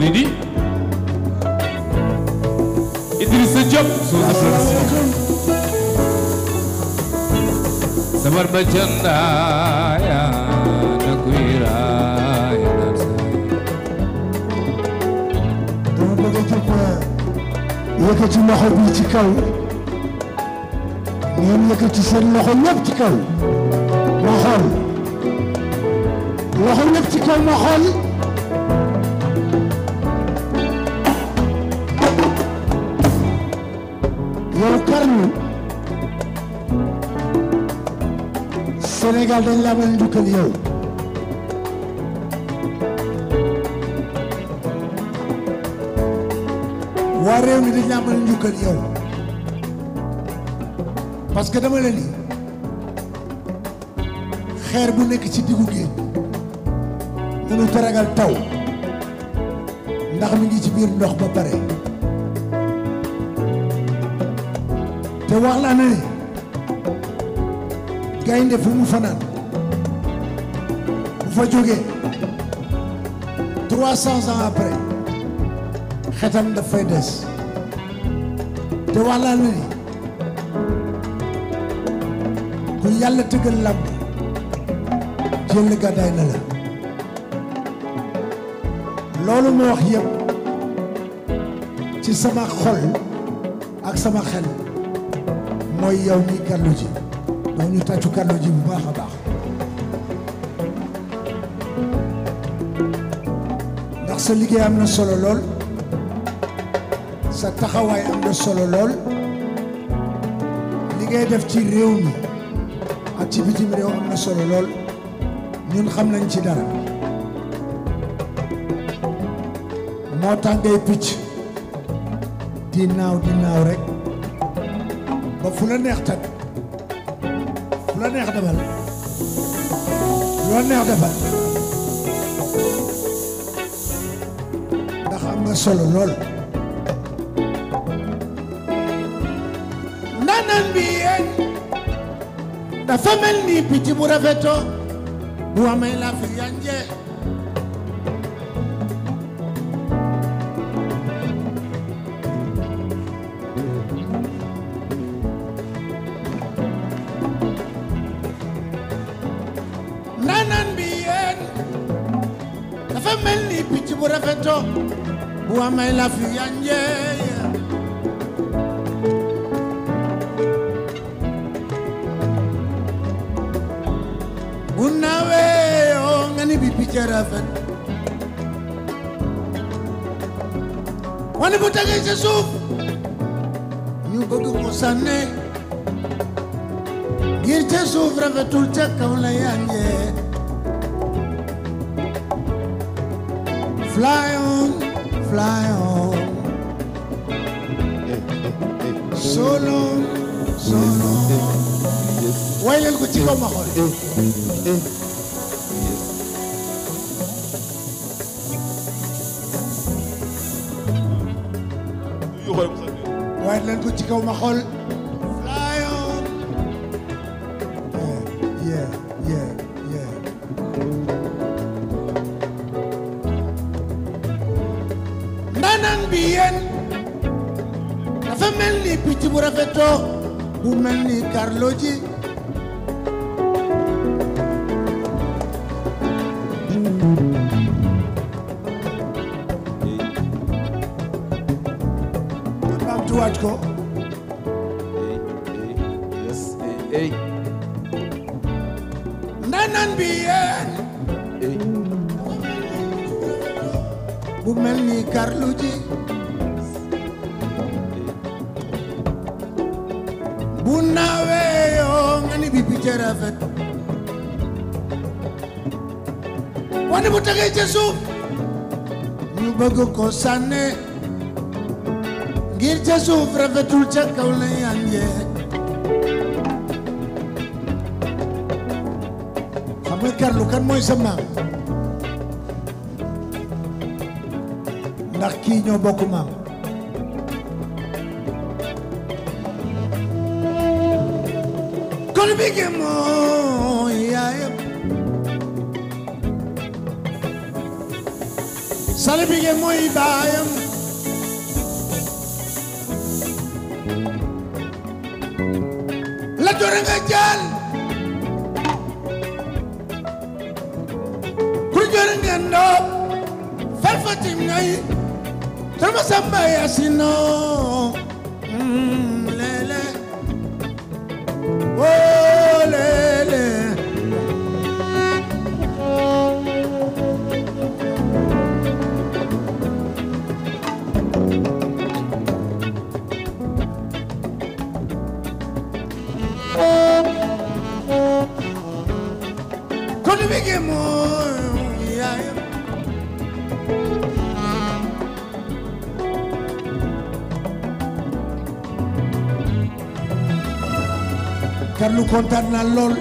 Meridi Idrissa Diop sous applaudissements Samar Bajanda ya Nakuira ya Narsa Dama bëgg jóg yëkkati loxo bi ci kaw ngeen yëkkati seen loxo ñëpp ci kaw ma xool loxo ñëpp ci kaw ma xool yow Karni Sénégal dañ laa mën njukkal yow waa réew mi dañ laa mën njukkal yow parce que dama la ni xeer bu nekk ci diggu géej mënu taragal taw ndax mi ngi ci biir ndox ba pare te wax la ne gaynde fu mu fanaan bu fa jógee trois cents après xetam daf fay des te wax la ne ku yàlla tëggal làmb jël gàddaay na la loolu ma wax yëpp ci sama xol ak sama xel mooy yow mi gàllu ji donc ñu tàccu gàllu ji bu baax a baax ndax sa liggéey am na solo lool sa taxawaay am na solo lool li ngay def ci réew mi ak ci bitim réew am na solo lool ñun xam nañ ci dara moo tax ngay picc di naaw di naaw rek ba fu la neex tag fu la neex defal lu neex defal ndax am na solo lool ndaanaan bi dafa mel ni picc bu bu amee la fi yanje Beto, Buama la Fuyanye. Unawe ongani oh, bipichara fen. Wani butake Jesus. Nyubodu musane. Yirche sufra vetulcha kaula yanje. Fly on, fly on. So long, so long. Why you go to my وين لنكو تيكاو ما خل ndaanaan bi yéen dafa mel ni picc bu bu mel ni Carlou G baamtuwaat ko ndaanaan ku mel ni Carlou D bu naawee yoo nga ni bi picc wane bu tegee ca suuf ñu bëgg ko sànne ngir ca suuf rafetul ca kaw la yànjee xam kan mooy sa maam ndax kii ñoo bokk maam kon bigé mooy jaal ku joor nga ndoo Tẹ̀lifásánbà yà sí náà mm, lẹ́lẹ́ ó lẹ́lẹ́. Kọ́ni bí kì í mú car nous comptons l'ol.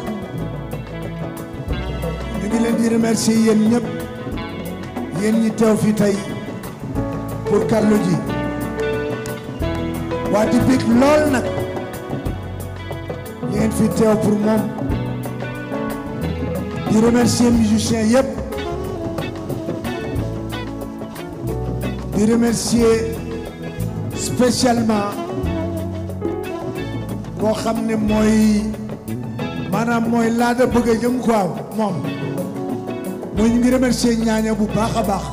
Je ñu ngi dire di remercier yéen ñëpp yéen ñi pour Carlou D waa di bég lool nag ñu ngeen fi teew pour remercier musiciens yep. di remercier spécialement boo xam ne mooy maanaam mooy laada bëgg a jëm quoi moom mooy ñu ngi remercier ñaaña bu baax a baax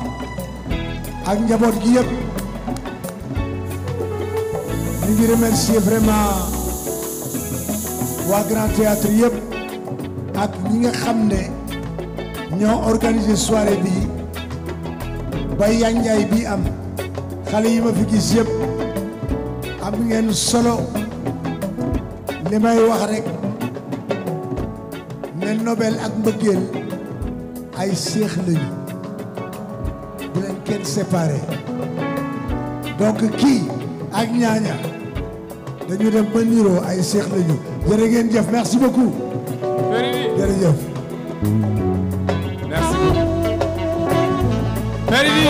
ak njaboot gi yëpp ñu ngi vraiment waa Grand Théâtre yëpp ak ñi nga xam ne ñoo organiser soirée bi ba yanjaay bi am xale yi ma fi gis yëpp am ngeen solo li may wax rek ne nobel ak mbëggeel ay séex lañu bu leen kenn séparé donc kii ak ñaaña dañu dem ba niroo ay séex lañu jërë ngeen jëf merci beaucoup jërëjëf merci beaucoup Feridi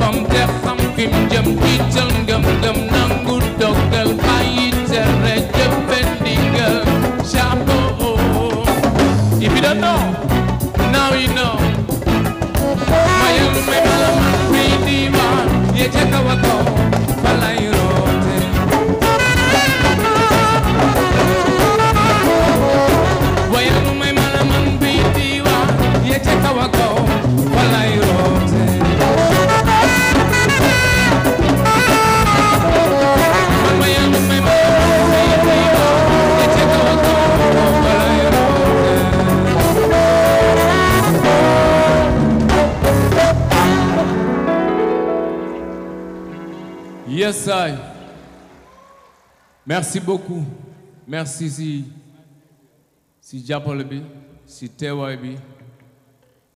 bam death, xam fi mu jëm Yes, Merci beaucoup. Merci si, si Japolebi si Tewa,